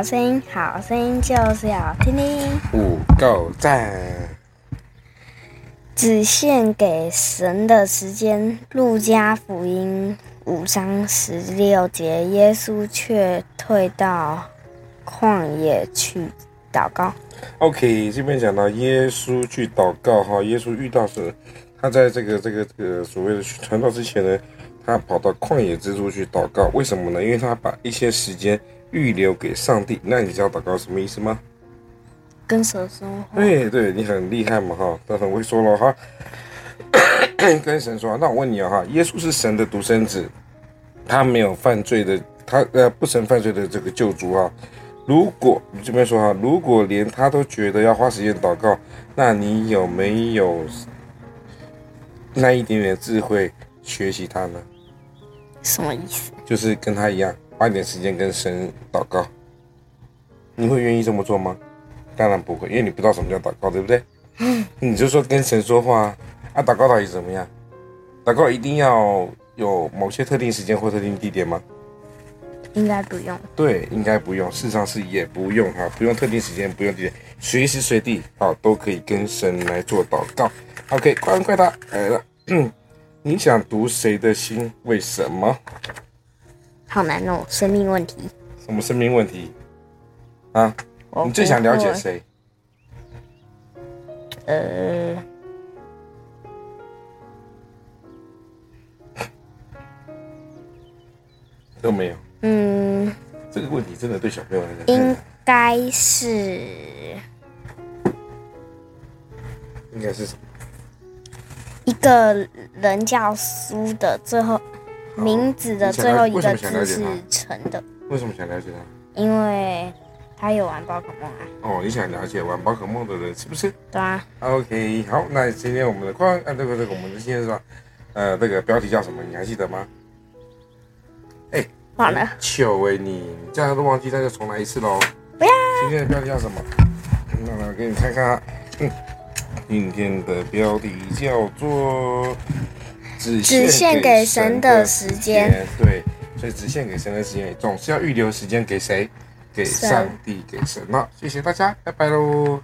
好聲音，好聲音就是要聽聽。五夠讚，只獻給神的時間。路加福音五章十六節，耶穌卻退到曠野去。禱告，OK，這邊講到耶穌去禱告哈，耶穌遇到神，他在這個這個這個所謂的傳道之前呢，他跑到曠野之處去禱告，為什麼呢？因為他把一些時間預留給上帝。那你知道禱告什麼意思嗎？跟神說話。哦、對對，你很厲害嘛哈，他很會說了哈，跟神說、啊。那我問你啊哈，耶穌是神的獨生子，他沒有犯罪的，他呃不曾犯罪的這個救主啊。如果你這邊說哈，如果連他都覺得要花時間禱告，那你有沒有那一點點智慧學習他呢？什麼意思？就是跟他一樣花一點時間跟神禱告，你會願意這麼做嗎？當然不會，因為你不知道什麼叫禱告，對不對？嗯，你就說跟神說話，啊，禱告到底怎麼樣？禱告一定要有某些特定時間或特定地點嗎？應該不用，對，應該不用，事實上是也不用哈、啊，不用特定時間，不用地點，隨時隨地好、啊，都可以跟神來做禱告。OK，快問快答來了、嗯，你想讀誰的心？為什麼？好難哦，生命問題。什麼生命問題？啊，okay, 你最想了解誰？呃，都沒有。嗯，這個問題真的對小朋友來講、啊，應該是，應該是什麼？一個人叫蘇的，最後名字的最後一個字是陳的為。為什麼想了解他？因為他有玩寶可夢啊。哦，你想了解玩寶可夢的人是不是？對啊。OK，好，那今天我們的快……啊，對不對？我們的今天是吧？呃，那個標題叫什麼？你還記得嗎？糗哎，你這樣都忘記，再就重來一次嘍。不要，今天的標題叫什麼？那我給你看看，啊嗯，今天的標題叫做《只獻給神的時間》，只獻給神的時間。對，所以只獻給神的時間，總是要預留時間給誰？給上帝，給神了。那神，謝謝大家，拜拜嘍。